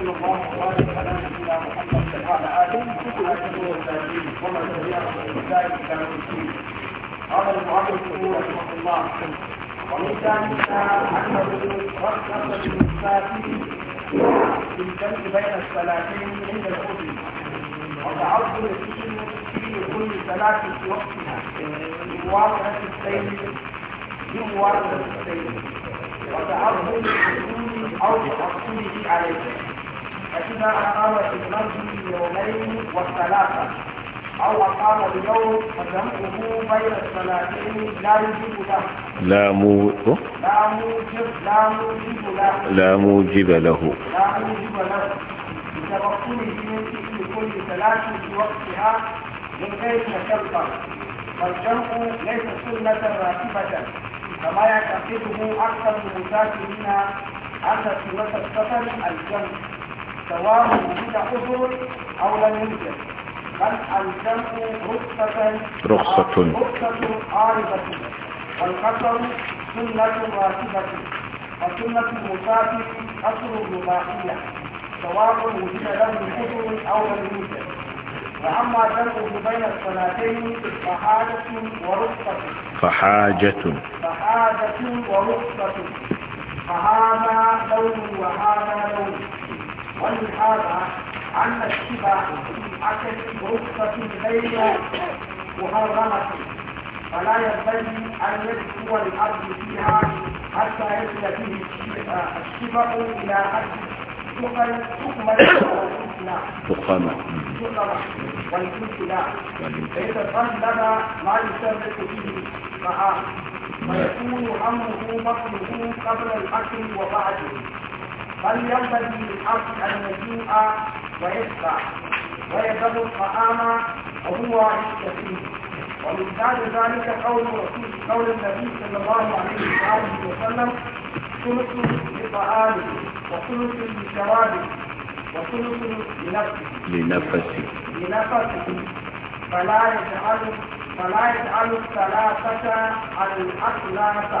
وصلى الله وبارك على نبينا محمد وعلى اله وصحبه وسلم ومن تبعهم بإحسان الى يوم الدين قال المؤلف رحمه الله ومن ذلك انه رخص للمسافر بالجمع بين الصلاتين عند العذر وتعرض الدين في كل صلاه في وقتها بمواصله السير بمواصله السير وتعرض الحصول او تحصله عليه فإذا أقام في المسجد يومين والثلاثة أو أقام اليوم فجمعه بين الصلاتين لا يجب له لا موجب لا موجب لا موجب له لا موجب له لا موجب له لتوكله من كل ثلاثة في وقتها من غير مشقة والجمع ليس سنة راتبة كما يعتقده أكثر المسافرين أن سنة السفر الجمع سواء وجود عذر أو لم يوجد بل الجمع رخصة رخصة رخصة عارضة والقصر سنة راتبة وسنة المسافر قصر رباعية سواء وجد له عذر أو لم يوجد وأما جمعه بين الصلاتين فحاجة ورخصة فحاجة فحاجة ورخصة فهذا لون وهذا لون والإحاطة عن الشفاء في أكل رخصة غير محرمة فلا ينبغي أن يدخل الأرض فيها حتى يصل به الشفاء إلى أكل حد تقل تقمة والكلى فيتطلب ما يسبب به الطعام ويكون همه مطلوب قبل الأكل وبعده بل ينبغي للحق أن يجيء ويشفع ويدب الطعام وهو يستفيد ومثال ذلك قول رسول قول النبي صلى الله عليه وآله وسلم ثلث لطعامه وثلث لشرابه وثلث لنفسه لنفسه لنفسه فلا يجعل فلا يجعل الثلاثة على الأكلة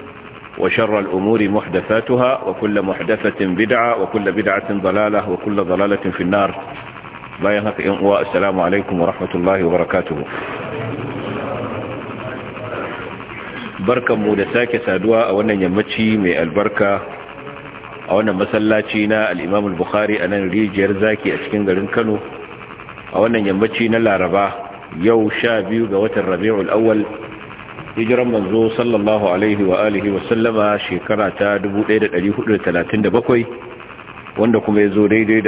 وشر الأمور محدثاتها وكل محدثة بدعة وكل بدعة ضلالة وكل ضلالة في النار لا يهنق إنقواء السلام عليكم ورحمة الله وبركاته بركة مودساك سادواء وانا نمتشي من البركة وانا مسلاتينا الإمام البخاري أنا نريد جرزاكي أسكين غرنكنو وانا نمتشينا لا رباه يو شابيو بوت الربيع الأول hijiran manzo sallallahu alaihi wa alihi wa sallama shekara ta 1437 wanda kuma ya zo daidai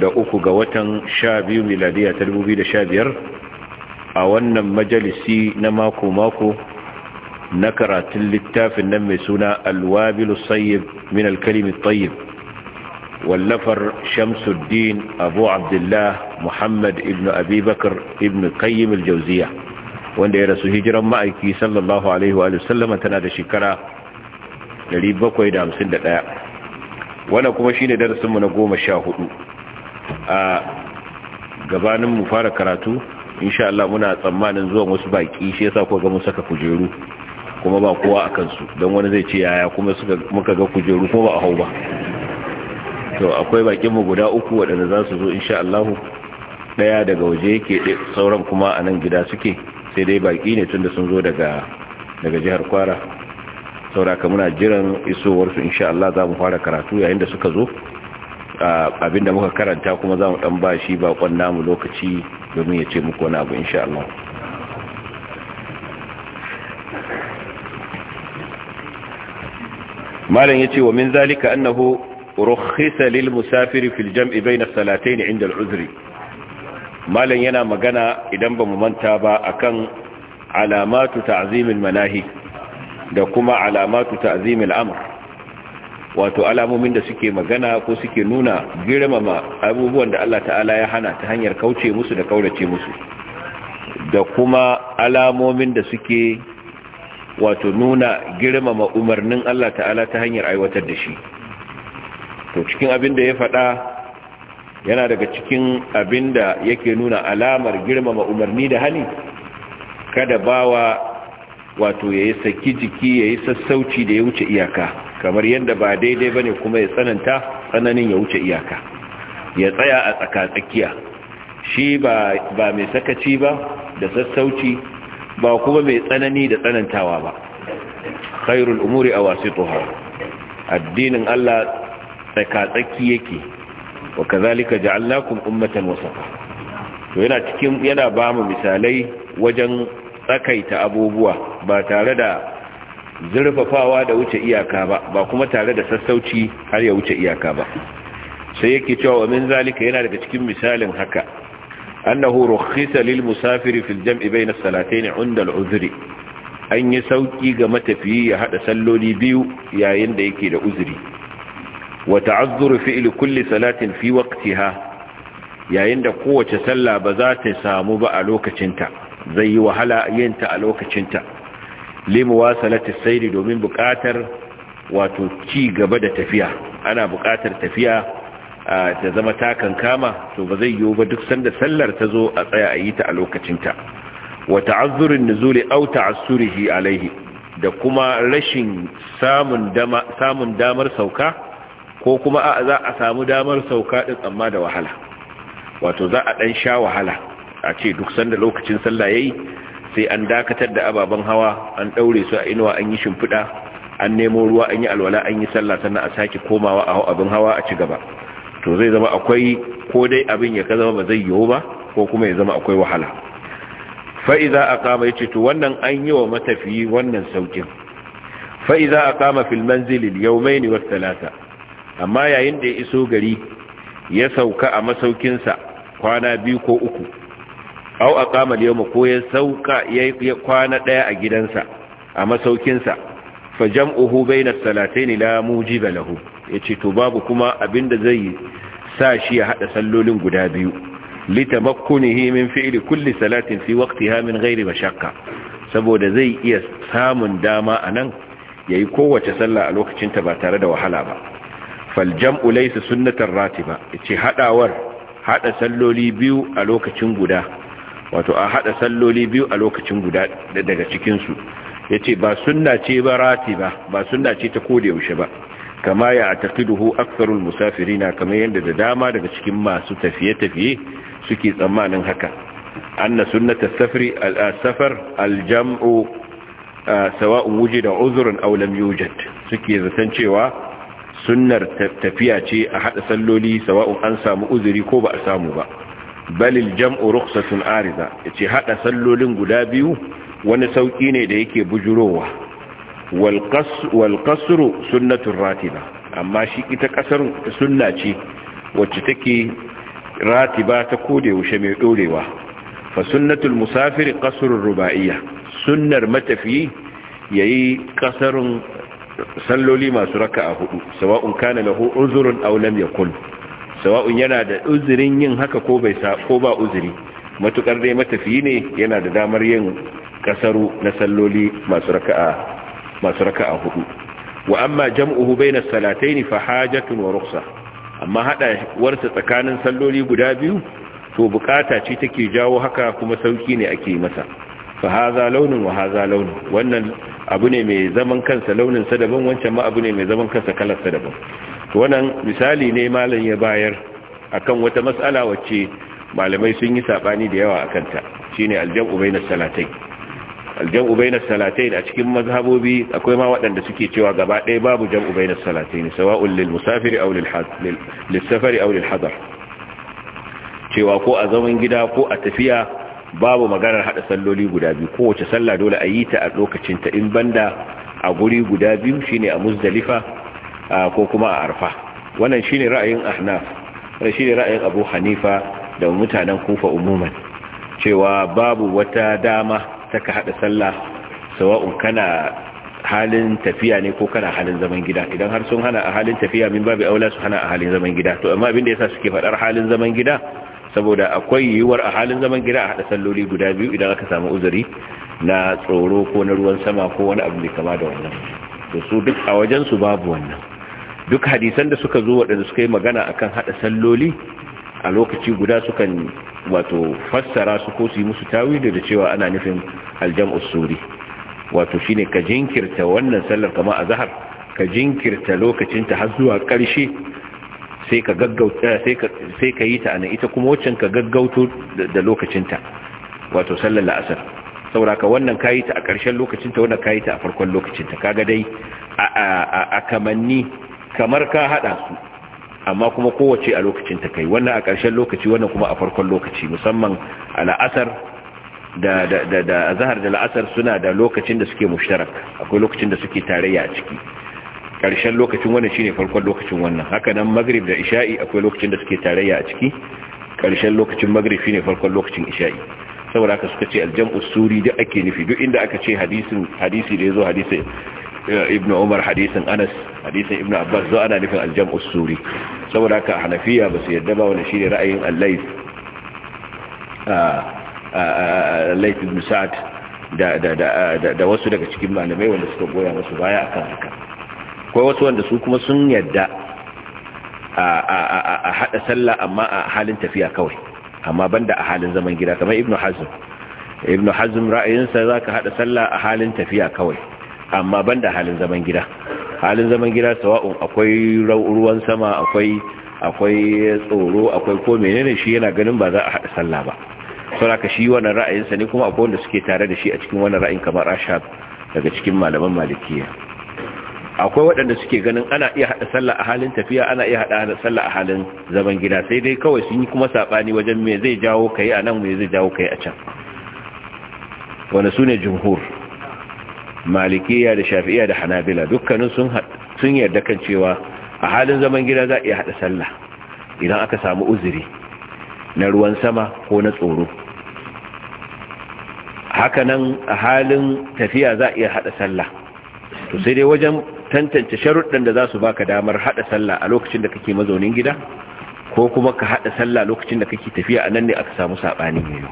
da uku ga watan 12 miladiya ta 2015 a wannan majalisi na mako-mako na karatun littafin nan mai suna alwabilu sayyib min alkalimi tayyib wallafar shamsuddin abu abdullah muhammad ibn bakar ibn qayyim aljawziya wanda ya rasu hijiran ma'aiki sallallahu alaihi wa sallama tana da shekara 751 wannan kuma shine darasinmu na 14 a gabanin mu fara karatu insha Allah muna tsammanin zuwan wasu baki shi yasa kuka ga mun saka kujeru kuma ba kowa a kansu don wani zai ce yaya kuma suka muka ga kujeru kuma ba a hau ba to akwai bakin mu guda uku waɗanda za su zo insha Allah daya daga waje yake sauran kuma a nan gida suke sai dai baki ne tun da sun zo daga jihar kwara sauraka muna jiran isowarsu insha Allah za mu fara karatu yayin da suka zo abinda muka karanta kuma za mu dan ba shi bakon namu lokaci domin ya ce muku wani abu insha Allah malam yace wa min zalika annahu rukhisa lil musafiri fil jam'i bayna salatayn 'inda al-'udhri malam yana magana idan ba mu manta ba akan alamatu ta'zimin manahi da kuma alamatu ta'zimin amr wato alamomin da suke magana ko suke nuna girmama abubuwan da Allah ta'ala ya hana ta hanyar kauce musu da kaurace musu da kuma alamomin da suke wato nuna girmama umarnin Allah ta'ala ta hanyar aiwatar da shi to cikin abin da ya faɗa yana daga cikin abinda yake nuna alamar girmama umarni da hali kada bawa wato yayi saki jiki yayi sassauci da ya wuce iyaka kamar yadda ba daidai ba ne kuma ya tsananta tsananin ya wuce iyaka ya tsaya a tsakatsakiya shi ba mai sakaci ba da sassauci ba kuma mai tsanani da tsanantawa ba khairul umuri a wasu addinin allah tsakatsaki yake wa kazalika ja'alnakum ummatan wasata to yana cikin yana ba mu misalai wajen tsakaita abubuwa ba tare da zurfafawa da wuce iyaka ba ba kuma tare da sassauci har ya wuce iyaka ba sai yake cewa wa min zalika yana daga cikin misalin haka annahu rukhisa lil musafiri fil jam'i bayna salatayn 'inda al-'udhri an yi sauki ga matafiyi ya hada salloli biyu yayin da yake da uzuri wa ta'azzuru fi'l kulli salatin fi waqtiha yayin da kowace sallah ba za ta samu ba a lokacinta zai yi wahala yinta a lokacinta limuwasalati sayri domin buƙatar wato ci gaba da tafiya ana buƙatar tafiya ta zama takan kama to ba zai yiwu ba duk sanda sallar ta zo a tsaya a yi ta a lokacinta wa ta'azzurin nuzuli aw ta'assurihi alaihi da kuma rashin samun samun damar sauka ko kuma a za a samu damar sauka din amma da wahala wato za a ɗan sha wahala a ce duk sanda lokacin sallah ya yi, sai an dakatar da ababen hawa an ɗaure su a inuwa an yi shimfiɗa an nemo ruwa an yi alwala an yi sallah sannan a sake komawa a abin hawa a ci gaba to zai zama akwai ko dai abin ya zama ba zai yiwu ba ko kuma ya zama akwai wahala fa'iza a kama ya to wannan an yi wa matafiyi wannan saukin fa'iza a kama filman zilil yau mai ne wasu talata amma yayin da ya iso gari ya sauka a masaukinsa kwana biyu ko uku au a kamar yau ko ya sauka ya kwana ɗaya a gidansa a masaukinsa fa jam'uhu bainas salataini la balahu, ya yace to babu kuma abin da zai yi sa shi ya haɗa sallolin guda biyu litamakkunhi min fi'li kulli salatin fi waqtiha min ghairi mashaqqa saboda zai iya samun dama anan yayi kowace sallah a lokacinta ba tare da wahala ba faljam'u laysa sunnatan ratiba yace hadawar hada salloli biyu a lokacin guda wato a hada salloli biyu a lokacin guda daga cikin su yace ba sunna ce ba ratiba ba sunna ce ta da yaushe ba kama ya ataqiduhu aktharul musafirina kamar yanda da dama daga cikin masu tafiye-tafiye suke tsammanin haka anna sunnata safri al-safar al-jam'u sawa'un wujida uzrun aw lam yujad suke zaton cewa sunnar tafiya ce a haɗa salloli sawa'un an samu uzuri ko ba a samu ba balil jam'u rukhsatun ariza yace haɗa sallolin guda biyu wani sauki ne da yake bujurowa wal qas wal qasru sunnatur ratiba amma shi ita kasar sunna ce wacce take ratiba ta kode yaushe mai dorewa fa sunnatul musafir qasrur ruba'iyya sunnar matafiyi yayi kasarun salloli masu a hudu sawa'un kana lahu uzrun aw lam yakun sawa'un yana da uzurin yin haka ko bai sa ko ba uzuri matukar dai matafiyi ne yana da damar yin kasaru na salloli masu raka'a masu a hudu wa amma jam'uhu bayna salatayn fa hajatun wa rukhsa amma hada warsa tsakanin salloli guda biyu to bukata ce take jawo haka kuma sauki ne ake masa Fahaza launin wa haza launin wannan abu ne mai zaman kansa launin daban wancan ma abu ne mai zaman kansa kalarsa daban wannan misali ne malam ya bayar akan wata mas'ala wacce malamai sun yi sabani da yawa akan ta shine aljam'u bainas salatai aljam'u bainas salatain a cikin mazhabobi akwai ma waɗanda suke cewa gaba ɗaya babu jam'u bainas salatain sawa'un lil musafiri aw lil lil safari aw lil hadar cewa ko a zaman gida ko a tafiya babu maganar hada salloli guda biyu kowace sallah dole a yi ta a lokacin ta in banda a guri guda biyu shine a muzdalifa ko kuma a arfa wannan shine ra'ayin ahnaf wannan shine ra'ayin abu hanifa da mutanen kufa umuman cewa babu wata dama ta ka hada sallah sawa'un kana halin tafiya ne ko kana halin zaman gida idan har sun hana a halin tafiya min babu aula su hana a halin zaman gida to amma abin da yasa suke fadar halin zaman gida saboda akwai yiwuwar a halin zaman gida a haɗa salloli guda biyu idan aka samu uzuri na tsoro ko na ruwan sama ko wani abu mai kama da wannan to su duk a wajen su babu wannan duk hadisan da suka zo waɗanda suka yi magana akan haɗa salloli a lokaci guda sukan wato fassara su ko su yi musu tawi, da cewa ana nufin aljam usuri wato shine ka jinkirta wannan sallar kama a zahar ka jinkirta lokacinta har zuwa ƙarshe sai ka gaggauta sai ka yi ta nan ita kuma waccan ka gaggauto da lokacinta wato sallar la'asar ka wannan ka yi ta a ƙarshen lokacinta wannan ka yi ta a farkon lokacinta kaga dai a kamanni kamar ka haɗa su amma kuma kowace a lokacinta kai wannan a ƙarshen lokaci wannan kuma a farkon lokaci musamman a la'asar da da da da azhar da la'asar suna da lokacin da suke mushtarak akwai lokacin da suke tarayya a ciki Karshen lokacin wannan shine farkon lokacin wannan haka nan maghrib da isha'i akwai lokacin da suke tarayya a ciki Karshen lokacin maghrib shine farkon lokacin isha'i saboda haka suka ce aljam'u suri duk ake nufi duk inda aka ce hadisin hadisi da yazo hadisi eh, ibnu umar hadisin anas hadisin ibnu abbas zo ana nufin aljam'u suri saboda haka hanafiya ba su yadda ba wannan shine ra'ayin al-layth ah, ah, ah, al-layth ibn sa'd da da da wasu daga cikin malamai wanda suka goya musu baya akan haka akwai wasu wanda su kuma sun yadda a haɗa sallah amma a halin tafiya kawai amma banda a halin zaman gida kamar ibnu hazm ibnu hazm ra'ayinsa za ka haɗa sallah a halin tafiya kawai amma banda halin zaman gida halin zaman gida sawa'un akwai ruwan sama akwai akwai tsoro akwai ko menene shi yana ganin ba za a haɗa sallah ba saboda shi wannan ra'ayinsa ne kuma akwai wanda suke tare da shi a cikin wannan ra'ayin kamar ashab daga cikin malaman malikiya akwai waɗanda suke ganin ana iya haɗa sallah a halin tafiya ana iya haɗa sallah a halin zaman gida sai dai kawai sun yi kuma saɓani wajen me zai jawo ka yi a nan me zai jawo ka yi a can wanda su ne jumhur malikiya da shafi'iya da hanabila dukkanin sun yarda kan cewa a halin zaman gida za a iya haɗa sallah idan aka samu uzuri na ruwan sama ko na tsoro hakanan a halin tafiya za a iya haɗa sallah to sai dai wajen tantance sharuɗan da za su baka damar haɗa sallah a lokacin da kake mazaunin gida ko kuma ka haɗa sallah lokacin da kake tafiya a nan ne aka samu saɓani yayo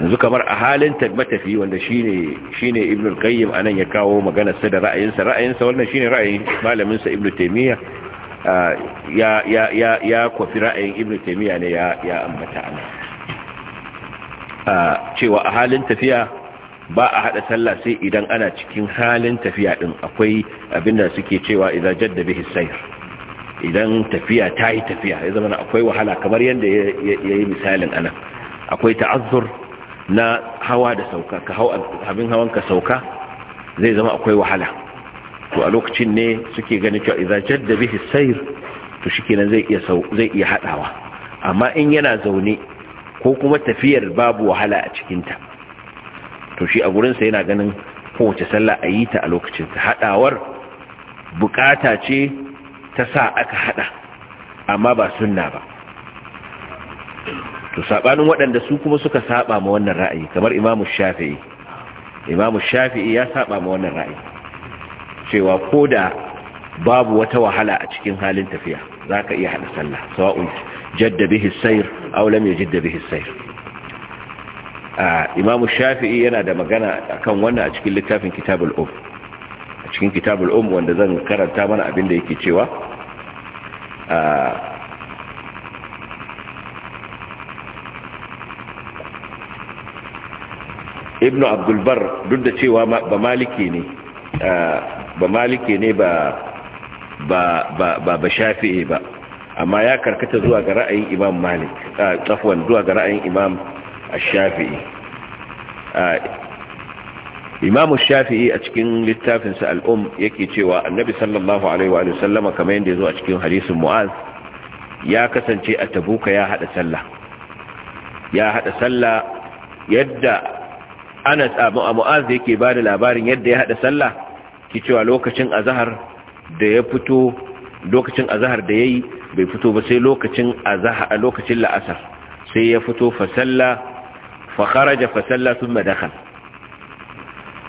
yanzu kamar a halin matafi wanda shi ne ibn al-qayyim nan ya kawo maganar sa da ra'ayinsa ra'ayinsa wannan shi ne ra'ayin malaminsa ibn Taimiyya ya kwafi ra'ayin ibn Taimiyya ne ya ambata cewa a halin tafiya ba a hada sallah sai idan ana cikin halin tafiya din akwai abinda suke cewa idza jadda bihi sayr idan tafiya ta yi tafiya ya zama akwai wahala kamar yadda ya misalin ana akwai ta'azzur na hawa da sauka ka hau abin hawan ka sauka zai zama akwai wahala to a lokacin ne suke ganin cewa idza jadda bihi sayr to shikenan zai iya zai iya hadawa amma in yana zaune ko kuma tafiyar babu wahala a cikinta to shi a gurinsa yana ganin kowace sallah a yi ta a lokacin ta haɗawar bukata ce ta sa aka haɗa amma ba sunna ba to saɓanin waɗanda su kuma suka saɓa ma wannan ra'ayi kamar imamu shafi'i imamu shafi'i ya saɓa ma wannan ra'ayi cewa ko da babu wata wahala a cikin halin tafiya za ka iya haɗa sallah sawa'un jadda bihi Aulam ya lam imam shafi'i yana da magana akan wannan a cikin littafin kitabul um a cikin kitabul um wanda zan karanta mana abin da yake cewa ibn abdulbar duk da cewa ba maliki ne ba maliki ne ba ba ba shafi'i ba amma ya karkata zuwa ga ra'ayin imam malik tsafwan zuwa ga ra'ayin imam ash-shafi'i uh, shafi'i a cikin littafinsa al'um yake cewa annabi sallallahu alaihi wa sallama kamar yadda ya a cikin hadisin mu'az ya kasance a tabuka ya hada sallah ya hada sallah yadda anas abu mu'az yake ba da labarin yadda ya hada sallah ki cewa lokacin azhar da ya fito lokacin azhar da yayi bai fito ba sai lokacin azhar lokacin la'asar sai ya fito fa sallah fa kharaja fa salla thumma dakhala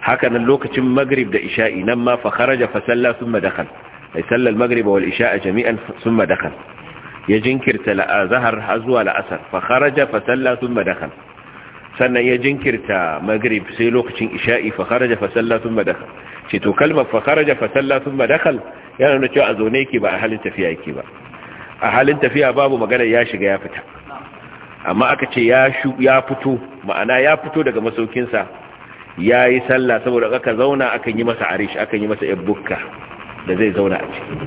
haka nan lokacin maghrib da isha'i nan ma fa kharaja fa salla thumma dakhala ay salla al-maghrib wal isha'a jami'an thumma dakhala ya jinkirta la'azhar har zuwa la'asar fa kharaja fa salla thumma dakhala sannan ya jinkirta maghrib sai lokacin isha'i fa kharaja fa salla thumma dakhala ce to kalmar fa kharaja fa salla thumma dakhala yana nuna cewa a zaune yake ba a halin tafiya yake ba a halin tafiya babu magana ya shiga ya fita amma aka ce ya fito ma'ana ya fito daga masaukinsa ya yi sallah saboda aka zauna akan yi masa arish akan yi masa yabbukka da zai zauna a ciki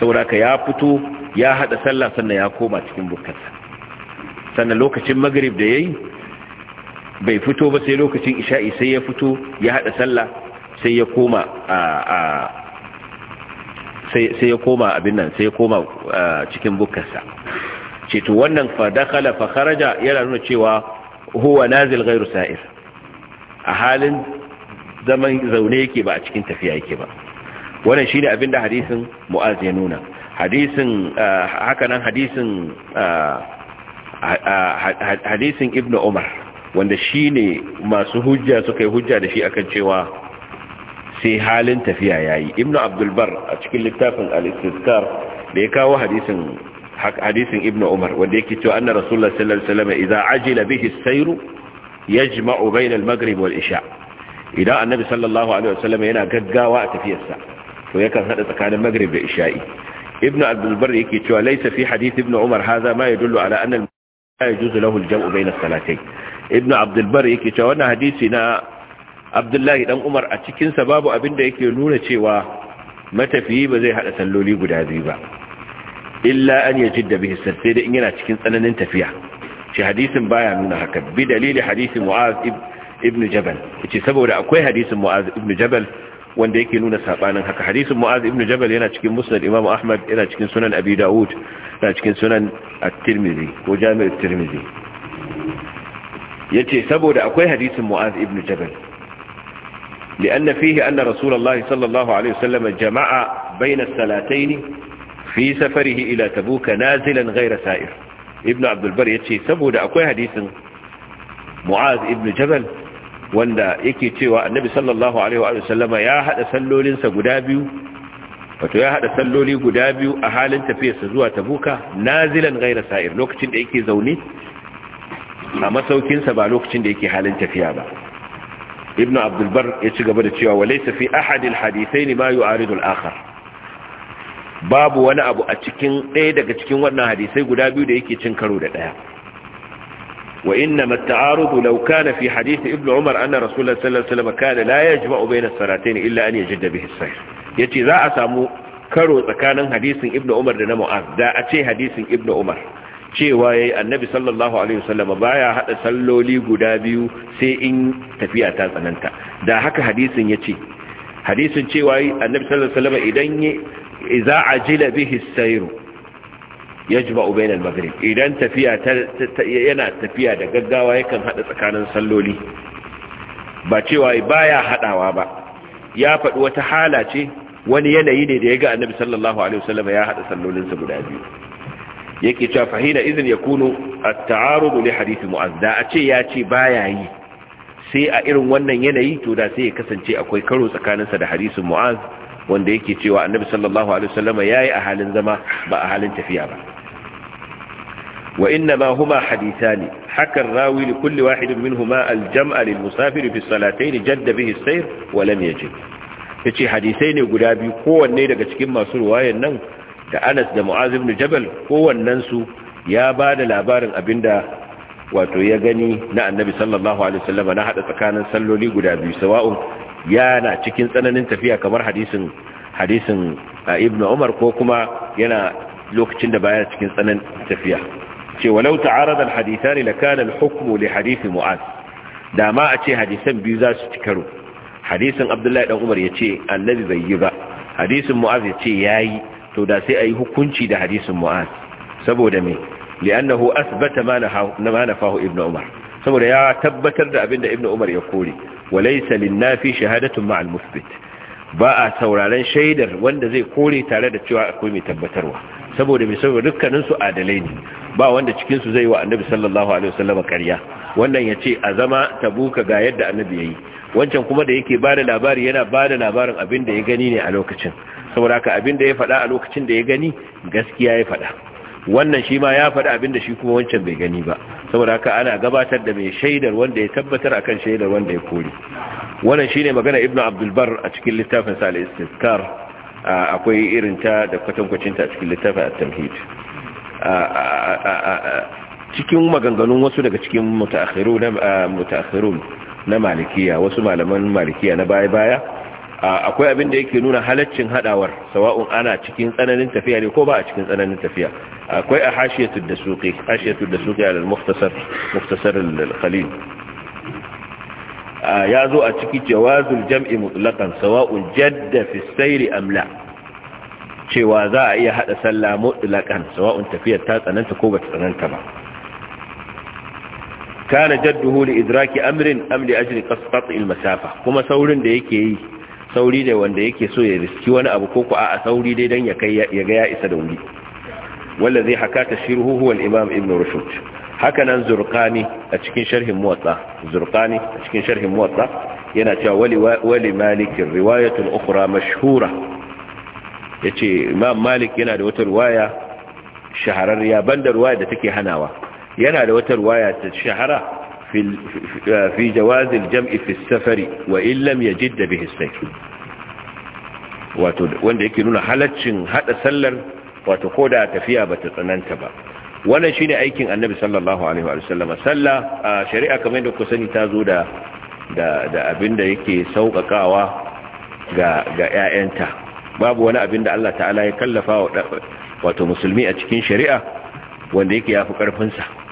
saboda aka ya fito ya hada sallah sannan ya koma cikin bukkarsa sannan lokacin magrib da ya yi bai fito ba sai lokacin isha'i sai ya fito ya hada sallah sai ya koma a sai ya koma abin nan sai ya koma cikin bukkarsa ce to wannan fa dakhala fa kharaja yana nuna cewa huwa nazil ghairu sa'ir a halin zaman zaune yake ba a cikin tafiya yake ba wannan shine abinda hadisin mu'az ya nuna hadisin nan hadisin hadisin ibnu umar wanda shine masu hujja suka yi hujja da shi akan cewa sai halin tafiya yayi ibnu abdul bar a cikin littafin al-istizkar da ya kawo hadisin hadisin ibnu umar wanda yake cewa anna rasulullah sallallahu alaihi wasallam idza idan annabi sallallahu alaihi wasallam yana gaggawa a tafiyarsa to yakan haɗa tsakanin maghrib da isha'i ibnu abdul bar yake cewa laysa fi hadith ibnu umar hadha ma yadullu ala anna la yajuzu lahu al-jam'u bayna as-salatayn ibnu abdul bar yake cewa wannan hadisi na abdullahi dan umar a cikin babu abin da yake nuna cewa matafiyi ba zai hada salloli guda biyu ba illa an yajidda bihi sai da in yana cikin tsananin tafiya shi hadisin baya nuna haka bi dalili hadisin mu'az ibn jabal yace saboda akwai hadisin mu'az ibn jabal wanda yake nuna sabanin haka hadisin mu'az ibn jabal yana cikin musnad imam ahmad yana cikin sunan abi daud yana cikin sunan at-tirmidhi ko jami' at-tirmidhi yace saboda akwai hadisin mu'az ibn jabal لأن فيه أن رسول الله صلى الله عليه وسلم جمع بين الصلاتين fi safarihi ila tabuka nazilan ghayra sa'ir ibn abdul bar yace saboda akwai hadisin mu'az ibn jabal wanda yake cewa annabi sallallahu alaihi wa sallama ya hada sallolinsa guda biyu wato ya hada salloli guda biyu a halin tafiyarsa zuwa tabuka nazilan ghayra sa'ir lokacin da yake zaune a masaukinsa ba lokacin da yake halin tafiya ba ibn abdul bar ya ci gaba da cewa walaysa fi ahadil hadithaini ma yu'aridu al-akhar babu wani abu a cikin ɗaya daga cikin wannan hadisai guda biyu da yake cin karo da ɗaya wa inna mata'arudu law na fi hadisi Ibn umar anna rasulullah sallallahu alaihi wasallam kana la yajma'u bayna as illa an ya bihi as Ya ce za a samu karo tsakanin hadisin Ibn umar da na mu'az da a ce hadisin Ibn umar cewa yi annabi sallallahu alaihi wasallam baya hada salloli guda biyu sai in tafiya ta tsananta da haka hadisin yace hadisin cewa annabi sallallahu alaihi idan ya iza ajila bihi sayru yajma'u bayna al-maghrib idan tafiya yana tafiya da gaggawa yakan hada tsakanin salloli ba cewa baya hadawa ba ya faɗi wata hala ce wani yanayi ne da ya ga annabi sallallahu alaihi wasallam ya hada sallolinsa guda biyu yake cewa fahina idan yakunu at-ta'arud li hadith mu'azza a ce ya ce baya yi sai a irin wannan yanayi to da sai ya kasance akwai karo tsakaninsa da hadisin mu'az wanda yake cewa annabi sallallahu alaihi wasallama yayi a halin zama ba a halin tafiya ba wa inna huma hadithani haka rawi li kulli wahidin minhuma al-jam'a lil musafir fi salatayn jadda bihi sayr wa lam yajid yace hadisai ne guda biyu kowanne daga cikin masu ruwayan nan da Anas da Mu'az ibn Jabal kowannen su ya bada labarin abinda wato ya gani na annabi sallallahu alaihi wasallam na hada tsakanin salloli guda biyu sawa'un yana cikin tsananin tafiya kamar hadisin hadisin ibnu umar ko kuma yana lokacin da baya cikin tsananin tafiya ce walau ta'arada alhadithani lakana alhukmu li hadith mu'az da ma a ce hadisan biyu za su ci karo hadisin abdullahi dan umar yace annabi bai yi ba hadisin mu'az yace yayi to da sai ayi hukunci da hadisin mu'az saboda me li'annahu asbata ma nafahu ibnu umar saboda ya tabbatar da abinda ibnu umar ya kore walaysa linnafi nafi shahadatun ma'al ba a sauraren shaidar wanda zai kore tare da cewa akwai mai tabbatarwa saboda mai saboda dukkaninsu adalai ne ba wanda cikinsu zai wa annabi sallallahu alaihi wasallam ƙarya wannan ya ce azama ta tabuka ga yadda annabi ya yi wancan kuma da yake bada labari yana bada labarin abin da ya gani ne a lokacin saboda haka abin da ya faɗa a lokacin da ya gani gaskiya ya faɗa wannan shi ma ya faɗi abin da shi kuma wancan bai gani ba saboda haka ana gabatar da mai shaidar wanda ya tabbatar akan shaidar wanda ya kori wannan shine magana ibnu abdul bar a cikin littafin sa al akwai irin ta da kwatankwacin ta a cikin littafin at-tamhid cikin maganganun wasu daga cikin mutaakhirun na mutaakhirun na malikiya wasu malaman malikiya na baya-baya akwai abin da yake nuna halaccin hadawar sawa'un ana cikin tsananin tafiya ne ko ba a cikin tsananin tafiya akwai a hashiyatul dasuqi hashiyatul dasuqi al mukhtasar mukhtasar al khalil ya zo a ciki jawazul jam'i mutlaqan sawa'un jadda fi sayri am la cewa za a iya hada sallah mutlaqan sawa'un tafiyar ta tsananta ko ba ta tsananta ba kana jadduhu li idraki amrin am li ajli qasqat al masafa kuma saurin da yake yi sauri dai wanda yake so ya riski wani abu ko kuwa a sauri dai don ya kai ya ga ya isa da wuri wanda zai haka ta shirhu huwa imam ibn rushd haka nan zurqani a cikin sharhin muwatta zurqani a cikin sharhin muwatta yana cewa wali wali malik riwayatul ukhra mashhura yace imam malik yana da wata riwaya shahararriya banda riwaya da take hanawa yana da wata riwaya ta shahara في جواز الجمع في السفر وإن لم يجد به السير wanda yake nuna halaccin hada sallar wato ko da tafiya ba ta tsananta ba wannan shine aikin annabi sallallahu alaihi wa sallama salla a shari'a kamar da ku sani ta zo da da abinda yake sauƙaƙawa ga 'ya'yanta. babu wani abin da Allah ta'ala ya kallafa wato musulmi a cikin shari'a wanda yake yafi fi ƙarfinsa.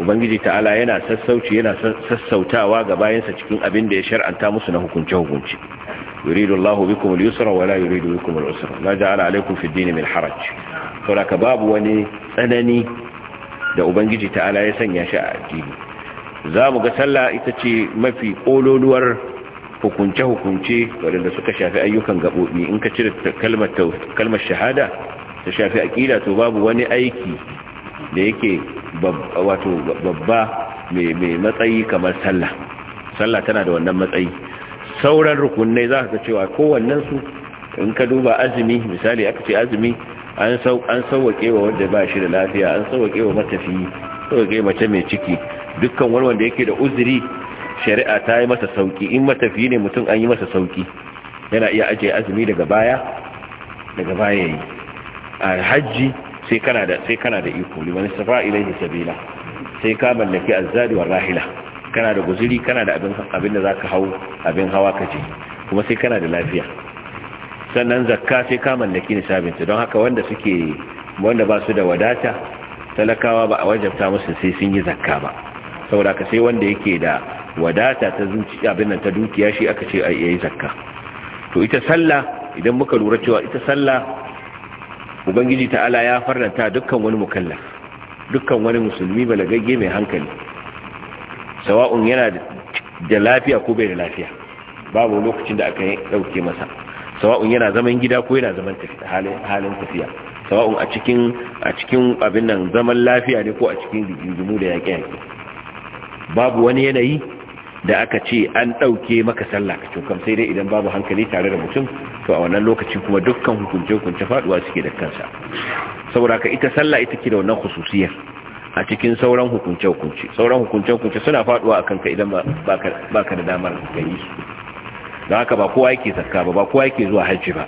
ubangiji ta'ala yana sassauci yana sassautawa ga bayansa cikin abin da ya shar'anta musu na hukunce hukunci yuridu Allahu bikum al-yusra wa la yuridu bikum al-usra la ja'ala alaykum fi din min haraj to laka babu wani tsanani da ubangiji ta'ala ya sanya shi a addini zamu ga sallah ita ce mafi kololuwar hukunce hukunce wadanda suka shafi ayyukan gabobi in ka cire kalmar kalmar shahada ta shafi aqida to babu wani aiki da yake wato babba mai matsayi kamar sallah sallah tana da wannan matsayi sauran rukunai za ka cewa kowannen su in ka duba azumi misali aka ce azumi an sauwake wa wanda ba shi da lafiya an sauwake wa matafi sauwake mace mai ciki dukkan wani wanda yake da uzuri shari'a ta yi masa sauki in matafi ne mutum an yi masa sauki yana iya ajiye azumi daga baya daga baya yi a hajji sai kana da sai kana da iko liman safa ilaihi sabila sai ka mallaki azzadi war rahila kana da guzuri kana da abin abin da zaka hau abin hawa kace kuma sai kana da lafiya sannan zakka sai ka mallaki nisabin don haka wanda suke wanda ba su da wadata talakawa ba a wajabta musu sai sun yi zakka ba saboda ka sai wanda yake da wadata ta zuci abin nan ta dukiya shi aka ce ai yayi zakka to ita sallah idan muka lura cewa ita sallah ubangiji ta'ala ya farnanta dukkan wani mukalla, dukkan wani musulmi balagagge mai hankali sawa'un yana da lafiya ko bai da lafiya babu lokacin da aka dauke masa sawa'un yana zaman gida ko yana zaman halin tafiya sawa'un a cikin a cikin abin nan zaman lafiya ne ko a cikin rigingimu da yaƙe-yaƙe babu wani yanayi da aka ce an ɗauke maka sallah ka cokam sai dai idan babu hankali tare da mutum to a wannan lokacin kuma dukkan hukunce-hukunce faduwa suke da kansa saboda ka ita sallah ita ke da wannan khususiyar a cikin sauran hukunce-hukunce sauran hukunce-hukunce suna faduwa a kanka idan ba ka da damar gani su don haka ba kowa yake zakka ba ba kowa yake zuwa hajji ba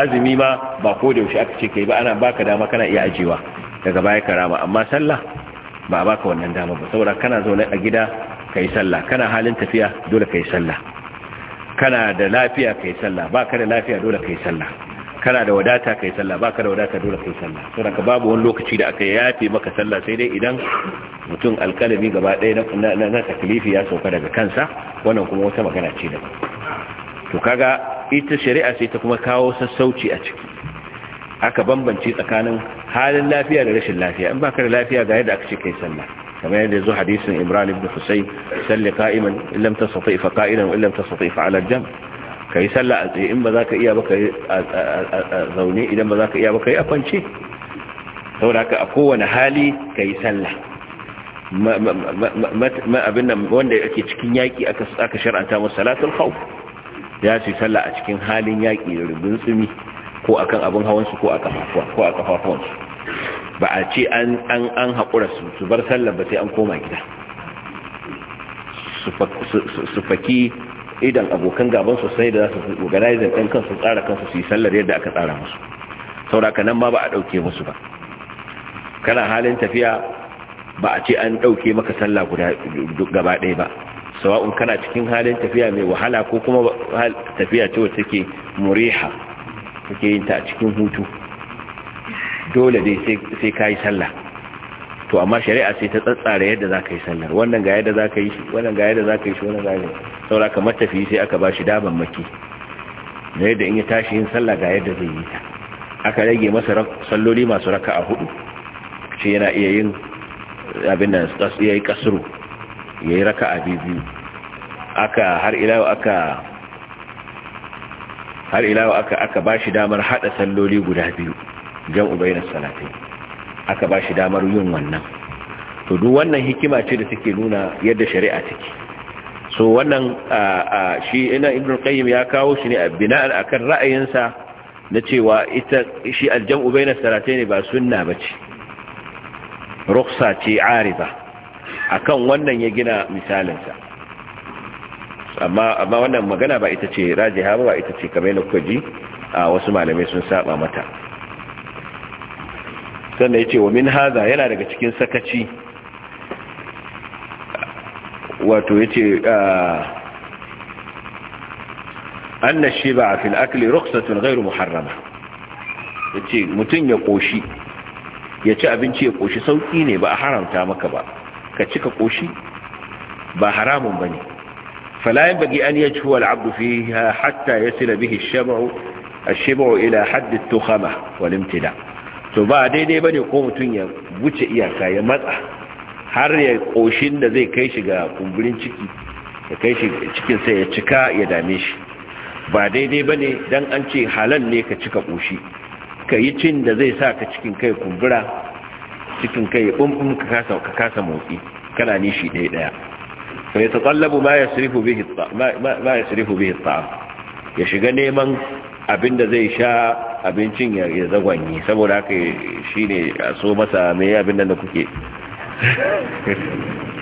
azumi ma ba ko da yaushe aka ce kai ba ana baka dama kana iya ajewa daga baya karama amma sallah ba a baka wannan dama ba saboda kana zaune a gida kai sallah kana halin tafiya dole kai sallah kana da lafiya kai sallah baka da lafiya dole kai sallah kana da wadata kai sallah baka da wadata dole kai sallah saboda ka babu wani lokaci da aka yafe maka sallah sai dai idan mutum alkalami gaba ɗaya na na taklifi ya sauka daga kansa wannan kuma wata magana ce da to kaga ita shari'a sai ta kuma kawo sassauci a ciki aka bambance tsakanin halin lafiya da rashin lafiya in baka da lafiya ga yadda aka ce kai sallah kamar yadda zo hadisin Ibrahim ibn Husayn salli qa'iman in lam tastati fa qa'ilan wa in lam tastati fa 'ala al-jam kai sallah a in ba za ka iya ba kai a zaune idan ba za ka iya ba kai a kwance saboda haka a kowane hali kai sallah ma abin nan wanda yake cikin yaki aka aka shar'anta masa salatul khawf ya ce sallah a cikin halin yaki da rubun tsumi ko akan abin hawansu ko a kafafuwansu ba a ce an haƙura su bar sallar ba sai an koma gida su faki idan abokan gaban su sai da za su organizing ɗan kansu tsara kansu su yi sallar yadda aka tsara musu sauraka nan ma ba a ɗauke musu ba kana halin tafiya ba a ce an ɗauke maka sallah guda gaba ɗaya ba sawa'un kana cikin halin tafiya mai wahala ko kuma tafiya ce wacce take muriha kake yin ta a cikin hutu dole dai sai ka yi sallah to amma shari'a sai ta tsatsara yadda za ka yi sallar wannan ga yadda za ka yi shi wannan ga yadda za ka yi shi wannan ga yadda saura ka matafi sai aka ba shi daban maki na yadda in ya tashi yin sallah ga yadda zai yi ta aka rage masa salloli masu raka a hudu shi yana iya yin abin da ya yi kasuru ya yi raka a biyu aka har ila aka har ila aka aka bashi damar hada salloli guda biyu jam'u bainas salatain aka bashi damar yin wannan to duk wannan hikima ce da take nuna yadda shari'a take so wannan shi ina ibnu qayyim ya kawo shi ne bina'an akan ra'ayinsa na cewa ita shi aljam'u bainas ne ba sunna bace rukhsa ce ariba akan wannan ya gina misalinsa amma wannan magana ba ita ce rajiha ba ita ce kamar yana kuka a wasu malamai sun saba mata sannan ya ce wa min haza yana daga cikin sakaci wato shi ba a fil akli gairu muharrama ce mutum ya koshi ya ci abinci ya koshi sauki ne ba a haramta maka ba ka cika koshi ba haramun ba ne. فلا ينبغي أن يجفو العبد فيها حتى يصل به الشبع الشبع إلى حد التخمة ba تبا ديني mutum ya wuce iyaka ya يمتع har ya koshin da zai kai shi ga kumburin ciki ya kai shi cikinsa ya cika ya dame shi ba daidai ba ne don an ce halal ne ka cika koshi, ka yi cin da zai sa ka cikin kai kumbura cikin kai ɓumɓum ka kasa motsi kana nishi ɗaya ɗaya fa yatatallabu ma yasrifu bihi ma yasrifu bihi at'am ya shiga neman abinda zai sha abincin ya zagwanyi saboda haka shine a so masa me abin nan da kuke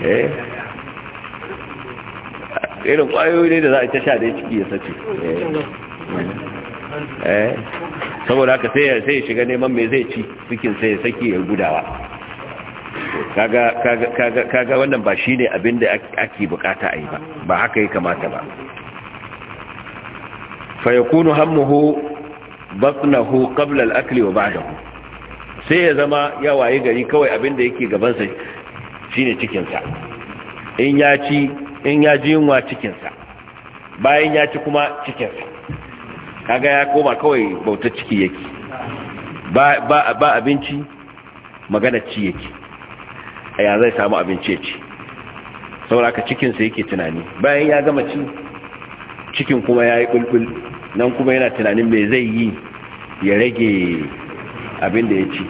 eh irin kwayoyi ne da za a ta sha da ciki ya sace eh saboda haka sai ya shiga neman me zai ci cikin sai ya saki ya gudawa kaga kaga wannan ba shi ne abin da ake bukata a yi ba ba haka ya kamata ba fa yakunu hammuhu batnahu qabla al-akli wa ba'dahu sai ya zama ya waye gari kawai abin da yake gaban sa shine cikin sa in ya ci in ya ji yunwa cikinsa, bayan ya ci kuma cikin sa kaga ya koma kawai bautar ciki yake ba ba abinci magana ci yake a ya zai samu abinci ci cikin cikinsa yake tunani bayan ya gama ci cikin kuma ya yi nan kuma yana tunanin mai zai yi ya rage abin da ya ci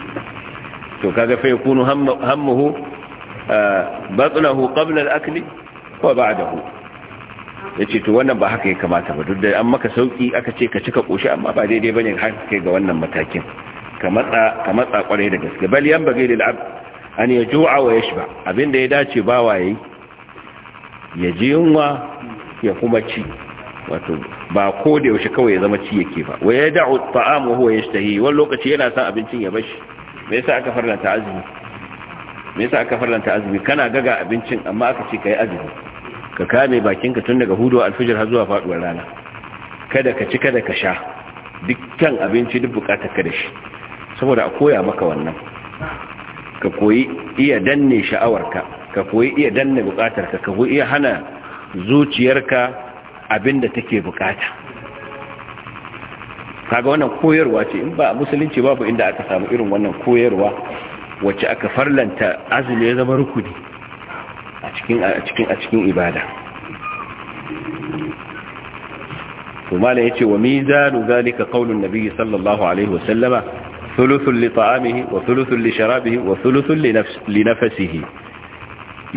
to kaga fa yakunu hammuhu batnahu qabla al-akli wa ba'dahu yace to wannan ba haka ya kamata ba duk da an maka sauki aka ce ka cika koshi amma ba daidai bane har kai ga wannan matakin ka matsa ka matsa kware da gaske bal yan bagai lil abd an ya ju'a wa yashba abinda ya dace ba waye ya ji yunwa ya kuma ci wato ba ko da yaushe kawai ya zama ci yake ba wa ya da'u ta'am wa huwa yashtahi wani lokaci yana son abincin ya bashi me yasa aka farlanta azumi me yasa aka farlanta azumi kana gaga abincin amma aka ce kai azumi ka kame bakinka tun daga hudu alfijir har zuwa faduwar rana kada ka ci kada ka sha dukkan abinci duk bukatar ka da shi saboda a koya maka wannan ka koyi iya danne sha'awarka ka koyi iya danne bukatarka ka koyi iya hana zuciyarka abinda take bukata kaga wannan koyarwa ce in ba musulunci babu inda aka samu irin wannan koyarwa wacce aka farlanta azumi ya zama rukuni a cikin a cikin a cikin ibada to malam yace wa mizanu zalika qaulun nabiy sallallahu alaihi wasallama thuluthun لطعامه وثلث wa وثلث li sharabihi wa thuluthun li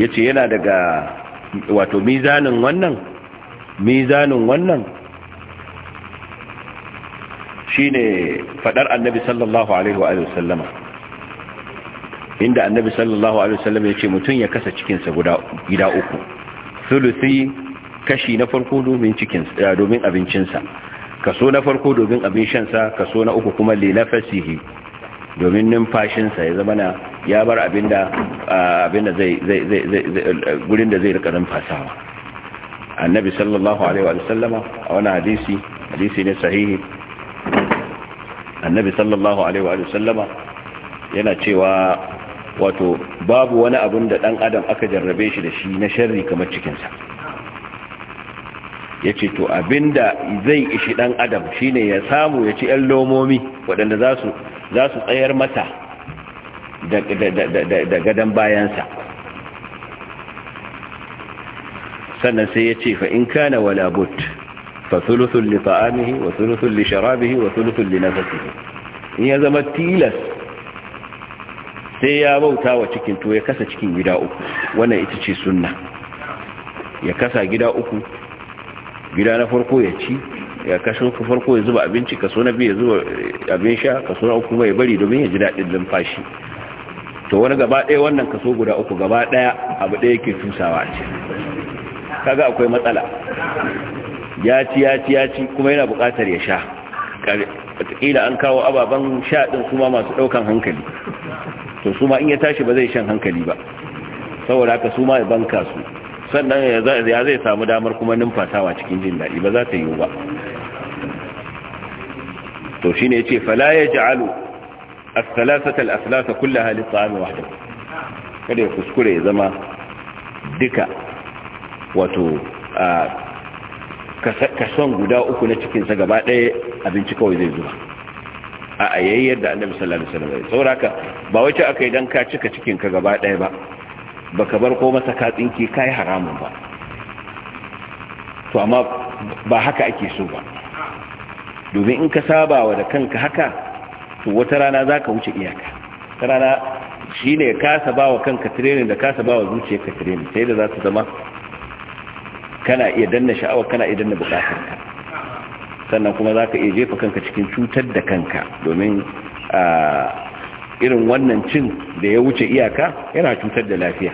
yace yana daga wato mizanin wannan mizanin wannan shine fadar annabi sallallahu alaihi wa sallama inda annabi sallallahu alaihi wa sallama yace mutun ya kasa cikin sa guda gida uku thuluthi kashi na farko domin cikin domin abincin sa kaso na farko domin abin shansa kaso na uku kuma linafasihi domin numfashinsa ya zama na ya bar abinda abinda zai zai zai gurin da zai rika numfasawa annabi sallallahu alaihi wa sallama a wani hadisi hadisi ne sahihi annabi sallallahu alaihi wa sallama yana cewa wato babu wani abin da dan adam aka jarrabe shi da shi na sharri kamar cikinsa ya ce to abinda zai ishi dan adam shine ya samu ya ci yan lomomi waɗanda za su tsayar mata da gadon bayansa sannan sai ya ce fa'in kana wala fa sulusun li ta'amihi wa sulusun li sharabihi wa sulusun li nafasihi in ya zama tilas sai ya bauta wa cikin to ya kasa cikin gida uku wannan ita ce sunna ya kasa gida uku gida na farko ya ci ya ku farko ya zuba abinci kaso na biyu ya zuba eh, abin sha kaso na uku mai bari domin ya ji daɗin numfashi. to wani gaba ɗaya wannan kaso guda uku gaba ɗaya abu ɗaya yake tusawa ce kaga akwai matsala ya ci ya ci ya ci kuma yana buƙatar ya sha wataƙila an kawo ababen sha ɗin kuma masu ɗaukan hankali to su ma in ya tashi ba zai shan hankali ba saboda haka su ma ya banka su sannan ya zai samu damar kuma numfasawa cikin jin daɗi ba za ta yiwu ba to shine ce fala yaj'alu as-salasata al-aslasa kullaha halin tsami wata kada ya kuskure ya zama duka wato kason guda uku na cikinsa gaba ɗaya abinci kawai zai zuba a ayayyar da annabi sallallahu alaihi wasallam saboda haka ba wace akai dan ka cika cikin ka gaba ɗaya ba ba ka bar ko masa ka yi haramun ba to amma ba haka ake so ba domin in ka saba wa da kanka haka to wata rana za ka wuce iyaka ta rana shi ne kasa ba wa kanka tirenin da kasa ba wa ka tirenin sai da za su zama kana iya danna sha'awa kana iya danna ka. sannan kuma za ka iya jefa kanka cikin cutar da kanka domin ah, irin wannan cin da ya wuce iyaka yana cutar da lafiya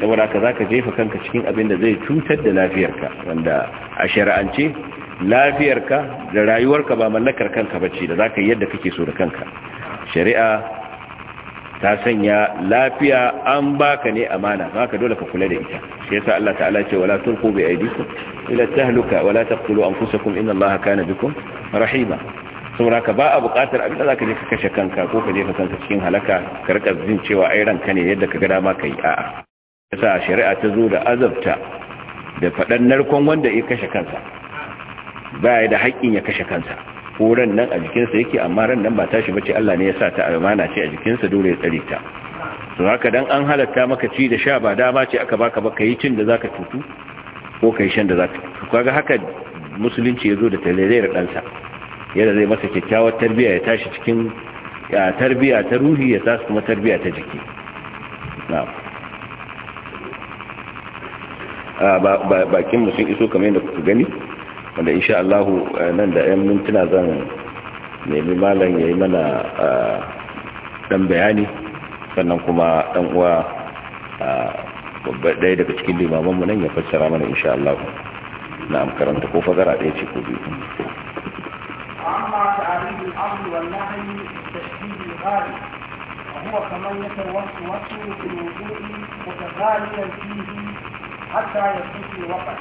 saboda ka zaka jefa kanka cikin abin da zai cutar da lafiyarka wanda a shari'ance lafiyarka da rayuwarka ba mallakar kanka bace da zaka yi yadda kake so da kanka shari'a ta sanya lafiya an baka ne amana haka dole ka kula da ita shi yasa Allah ta'ala ce wala tulqu bi aydikum ila tahluka wala taqtulu anfusakum inna Allaha kana bikum rahima saboda ka ba a buƙatar abin da ka je ka kashe kanka ko ka je ka kanka cikin halaka ka rika jin cewa ai ranka ne yadda ka ga dama yi a'a yasa shari'a ta zo da azabta da faɗan narkon wanda ya kashe kansa ba ya da haƙƙin ya kashe kansa ko ran nan a jikinsa yake amma ran nan ba tashi bace Allah ne ya sa ta amana ce a jikinsa dole ya tsare ta to haka dan an halatta maka ci da sha ba dama ce aka baka ba kai cin da zaka tutu ko kai shan da zaka tutu kaga haka musulunci ya zo da talelere ɗansa yadda zai masa kyakkyawar tarbiya ya tashi cikin tarbiya ta ruhi ya tashi kuma tarbiya ta jiki bakin mu sun iso kamar yadda kuka gani wanda insha Allah eh, nan da yan mintuna zan nemi malam ya yi mana dan bayani sannan kuma dan uwa ɗaya daga cikin limamanmu nan ya fassara mana insha Allah na amkaranta ko fagara ɗaya ce ko biyu أما تعريف الأمر والنهي بالتشديد الغالي وهو كمن يتوسوس في الوضوء متغاليا فيه حتى يفوت الوقت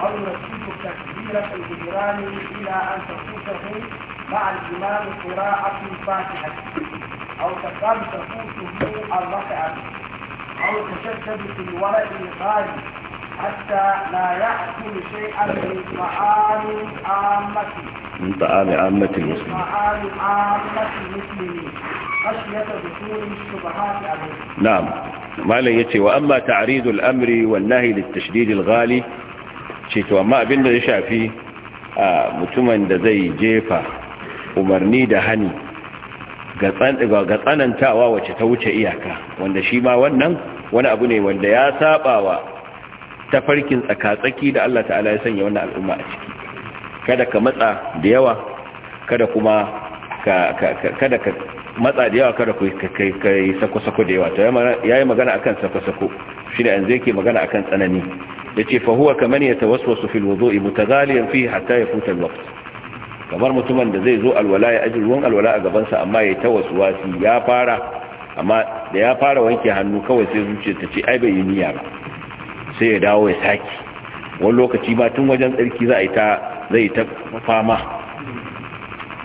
أو يصيب تكبيرة الجدران إلى أن تفوته مع الإمام قراءة الفاتحة أو تكاد تفوته الركعة أو تشدد في الورق الغالي حتى لا يأكل شيئا من طعام عامته من طعام عامة malam ya ce wa amma ta'ridul amri wan nahi lit tashdid ghali ce to amma abinda ya shafi mutumin da zai jefa umarni da hani ga ga tsanantawa wacce ta wuce iyaka wanda shi ma wannan wani abu ne wanda ya sabawa tafarkin tsakatsaki da Allah ta'ala ya sanya wannan al'umma a ciki kada ka matsa da yawa kada kuma ka kada ka matsa da yawa kada ku kai sako-sako da yawa yayi magana akan sako-sako shi da zai yake magana akan tsanani yace fa huwa ya yatawaswasu fil wudu'i mutazaliyan fihi hatta yafuta al-waqt kamar mutumin da zai zo alwala ya aji ruwan alwala a gaban sa amma yayi tawaswasi ya fara amma da ya fara wanke hannu kawai sai zuciya ta ce ai bai yi niyya ba sai ya dawo ya saki wani lokaci ba tun wajen tsarki za a yi ta zai ta fama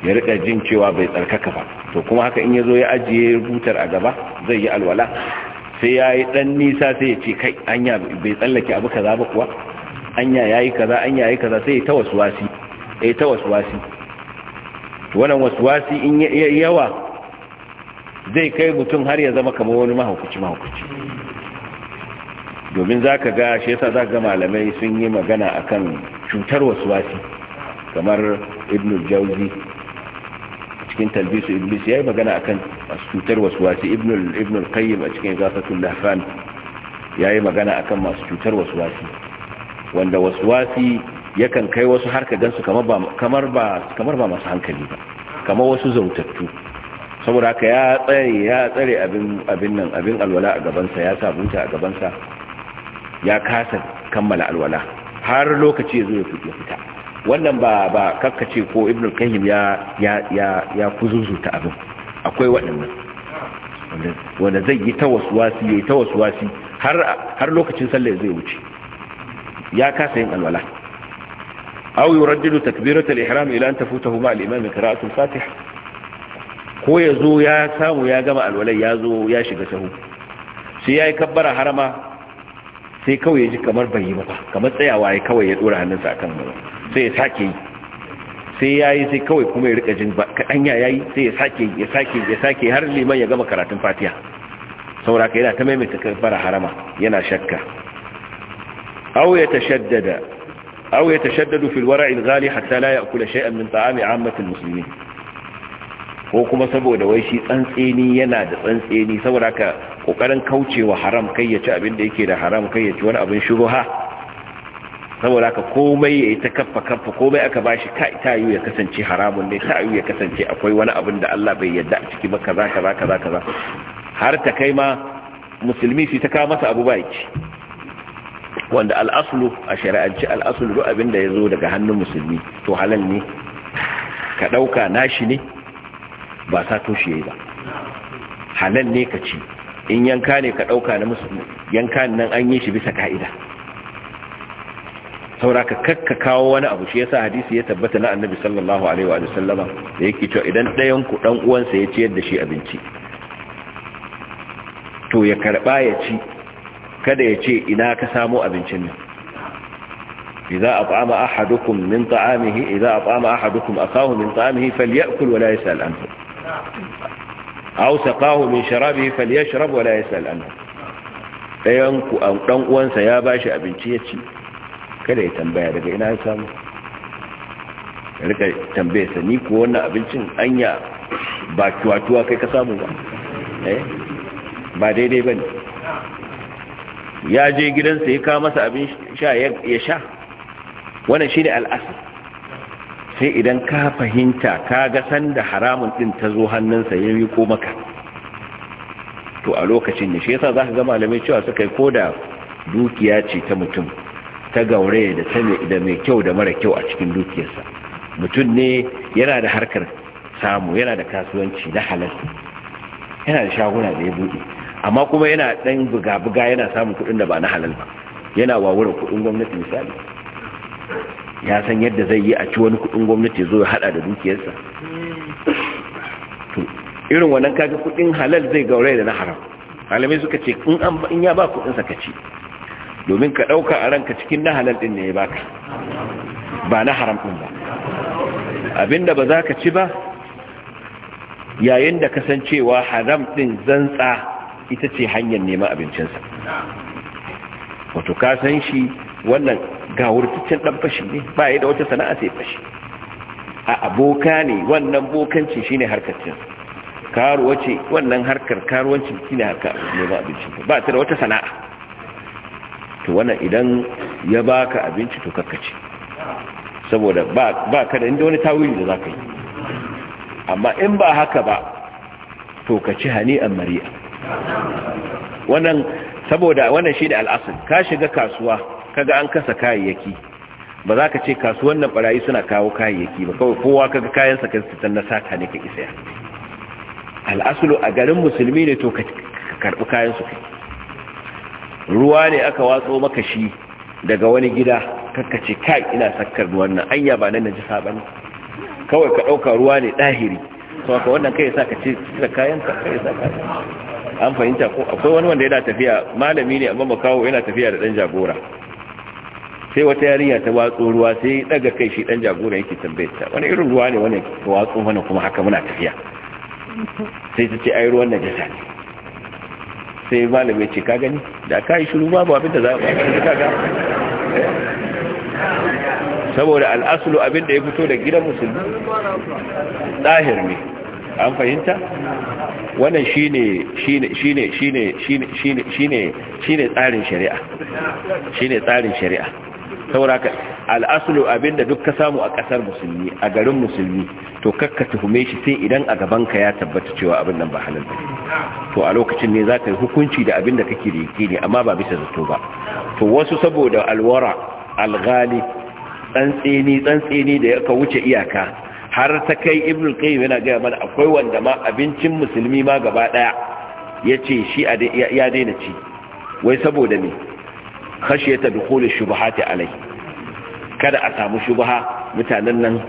ya rika jin cewa bai tsarkaka ba to kuma haka in ya zo ya ajiye butar a gaba zai yi alwala sai ya yi ɗan nisa sai ya ce kai anya bai tsallake abu kaza ba kuwa anya ya yi kaza anya ya yi kaza sai ya ta wasuwasi ya ta wasuwasi wannan wasuwasi in yawa zai kai mutum har ya zama kamar wani mahaukaci mahaukaci domin za ka ga shi yasa za ga malamai sun yi magana a kan cutar wasu wasi, kamar ibn jauzi cikin talbisu iblis ya yi magana a kan masu cutar wasi ibn a cikin zafatun lafan ya yi magana a kan masu cutar wasu wasi, wanda wasu wasi yakan kai wasu harka gansu kamar ba masu hankali ba kamar wasu zautattu saboda haka ya tsare abin abin nan abin alwala a gabansa ya sa a gabansa ya kasa kammala alwala har lokaci ya zo ya fita wannan ba ba kakkace ko ibnu kayyim ya ya ya ya kuzuzuta abin akwai waɗannan wanda zai yi tawassuwasi yayi tawassuwasi har har lokacin sallah zai wuce ya kasa yin alwala aw yuraddidu takbirata al-ihram ila an tafutahu ma al-imam qira'atu al-fatiha ko yazo ya samu ya gama alwala yazo ya shiga sahu sai yayi kabbara harama sai kawai ya ji kamar bai yi ba kamar tsayawa ya kawai ya dora hannunsa akan mu sai ya sake sai yayi sai kawai kuma ya rika jin ba kaɗan ya yayi sai ya sake ya sake ya sake har liman ya gama karatun fatiha saboda kai yana ta maimaita kafara harama yana shakka aw ya tashaddada aw ya tashaddadu fil wara'i al-ghali hatta la ya'kula shay'an min ta'ami 'ammati al-muslimin ko kuma saboda wai shi tsantseni yana da tsantseni saboda ka kokarin kaucewa haram kai ya ci abin da yake da haram kai ya ci wani abin ha, saboda ka komai ya ta kaffa kaffa komai aka bashi ka tayu ya kasance haramun ne tayu ya kasance akwai wani abin da Allah bai yarda a ciki ba kaza kaza kaza kaza har ta kai ma musulmi su ta kawo masa abu ba ci wanda al'aslu a shari'ance al'aslu duk abin da ya zo daga hannun musulmi to halal ne ka ɗauka nashi ne ba ta toshe ba halal ne ka ci in yanka ne ka ɗauka na musulmi yanka nan an yi shi bisa ka'ida sauraka kakka kawo wani abu shi yasa hadisi ya tabbata na annabi sallallahu alaihi wa sallama da yake cewa idan dayan ku ɗan uwansa ya ci yadda shi abinci to ya karɓa ya ci kada ya ce ina ka samo abincin nan at'ama ahadukum min ta'amihi idza at'ama ahadukum أحدكم min ta'amihi falyakul wa la yas'al anhu aw saqahu min sharabihi falyashrab wa la yasal anhu dayan ku dan uwansa ya bashi abinci ya ci kada ya tambaya daga ina ya samu rika tambaye sa ni ko wannan abincin anya ba kiwatuwa kai ka samu ba eh ba daidai bane ya je gidansa ya kawo masa abin sha ya sha wannan shine al'asar sai idan ka fahimta ka ga sanda haramun din ta zo hannunsa ya yi ko maka to a lokacin ne shi yasa za ka ga malamai cewa suka yi koda dukiya ce ta mutum ta gaure da ta da mai kyau da mara kyau a cikin dukiyarsa mutum ne yana da harkar samu yana da kasuwanci na halal yana da shaguna da ya buɗe amma kuma yana ɗan buga-buga yana samun kuɗin da ba na halal ba yana wawurin kuɗin gwamnati misali ya san yadda zai yi a ci wani kudin gwamnati zo ya hada da dukiyarsa irin wannan kaga kudin halal zai gaurai da na haram halamai suka ce in ya ba kudin sa ka ci domin ka dauka a ranka cikin na halal din ne ya baka ba na haram din ba abinda ba za ka ci ba yayin da kasancewa haram din zantsa ita ce hanyar neman abincinsa wato ka san shi wannan ga wurtaccen dan fashi ne ba ya da wata sana'a sai fashi a aboka ne wannan bokancin shine harkacin karuwa ce wannan harkar karuwancin shine harka ne ba abinci ba ta da wata sana'a to wannan idan ya baka abinci to kakkace saboda ba ka da inda wani tawili da za ka yi amma in ba haka ba to ka ci hani'an mari'a wannan saboda wannan shi da al'asir ka shiga kasuwa kaga an kasa kayayyaki ba za ka ce kasuwan nan barayi suna kawo kayayyaki ba kawai kowa kaga kayan sa kan na sata ne ka isa al'asulu a garin musulmi ne to ka karbi kayan su kai ruwa ne aka watso maka shi daga wani gida ce kai ina sakkar wannan anya ba nan naji sabani kawai ka dauka ruwa ne dahiri to ka wannan kai sa ka ce da kayan ka kai sa kayan an fahimta ko akwai wani wanda yana tafiya malami ne amma makawo yana tafiya da dan jagora sai wata yarinya ta watsu ruwa sai daga kai shi dan jagora yake tambayar ta wani irin ruwa ne wani watsu mana kuma haka muna tafiya sai ta ce ai ruwan najasa ne sai malami ce ka gani da ka yi shiru babu abin da za a ɓaci ka ga saboda al'asulu abin da ya fito da gidan musulmi ɗahir ne an fahimta wannan shine shine tsarin shari'a shine tsarin shari'a sauraka al'asulu abinda duk ka samu a kasar musulmi a garin musulmi to kakka tuhume shi sai idan a gabanka ya tabbata cewa abin nan ba halal to a lokacin ne za ka yi hukunci da abinda kake ke ne amma ba bisa zato ba to wasu saboda alwara alghali tsantseni tsantseni da ya wuce iyaka har ta kai ibnul qayyim yana ga mana akwai wanda ma abincin musulmi ma gaba daya yace shi ya daina ci wai saboda me khashiyata shubaha shubahati alai kada a samu shubaha mutanen nan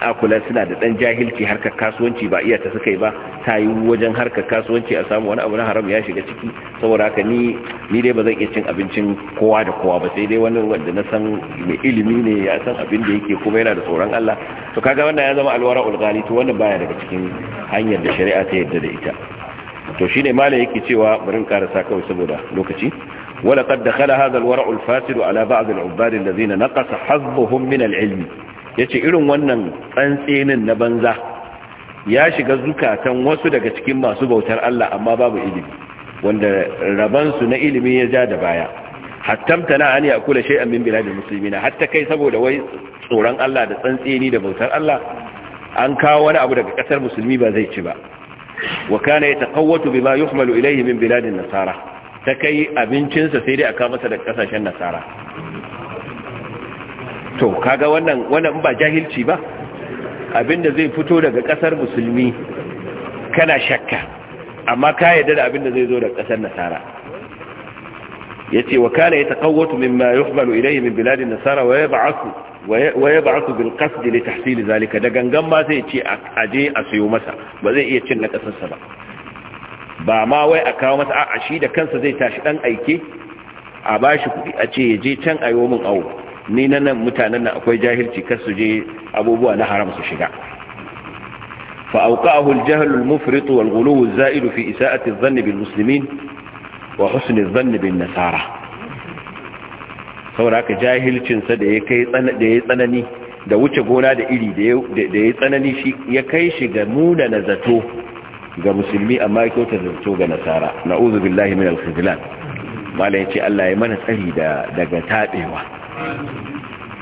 akula suna da dan jahilci harkar kasuwanci ba iya ta suka yi ba ta yi wajen harkar kasuwanci a samu wani abu na haram ya shiga ciki saboda haka ni ni dai ba zan iya cin abincin kowa da kowa ba sai dai wani wanda na san mai ilimi ne ya san abin da yake kuma yana da tsoron Allah to kaga wannan ya zama alwara ulgali to wannan baya daga cikin hanyar da shari'a ta yarda da ita to shine malai yake cewa bari in karasa kawai saboda lokaci ولقد دخل هذا الورع الفاسد على بعض العباد الذين نقص حظهم من العلم yace irin wannan tsantsenin na banza ya shiga zukatan wasu daga cikin masu bautar Allah amma babu ilimi wanda rabansu na ilimi ya ja da baya hattamta na an yakula shay'an min biladil muslimina hatta kai saboda wai tsoron Allah da tsantseni da bautar Allah an kawo wani abu daga kasar musulmi ba zai ci ba wa kana yataqawwatu bima yuhmalu ilayhi min biladin nasara ta kai abincinsa sai dai a kawo masa da kasashen nasara to kaga wannan wannan ba jahilci ba abinda zai fito daga kasar musulmi kana shakka amma ka yadda da abinda zai zo daga kasar nasara yace wa kana yataqawwatu mimma yuhmalu ilayhi min biladin nasara wa yab'athu wa yab'athu bil qasd li tahsil zalika da gangan ma sai ce aje a sayo masa ba zai iya cin na kasarsa ba ba ma wai a kawo masa a shi da kansa zai tashi dan aike a bashi kuɗi a ce ya je can a yi awo ni na nan mutanen nan akwai jahilci kar su je abubuwa na haram su shiga فأوقعه الجهل المفرط والغلو الزائد في إساءة الظن بالمسلمين وحسن الظن بالنسارة sauraka jahilcinsa da ya kai da ya tsanani da wuce gona da iri da ya tsanani shi ya kai shi ga muna na zato ga musulmi amma ya kyauta zato ga nasara na'udhu billahi min al-khizlan ce Allah ya mana tsari daga taɓewa.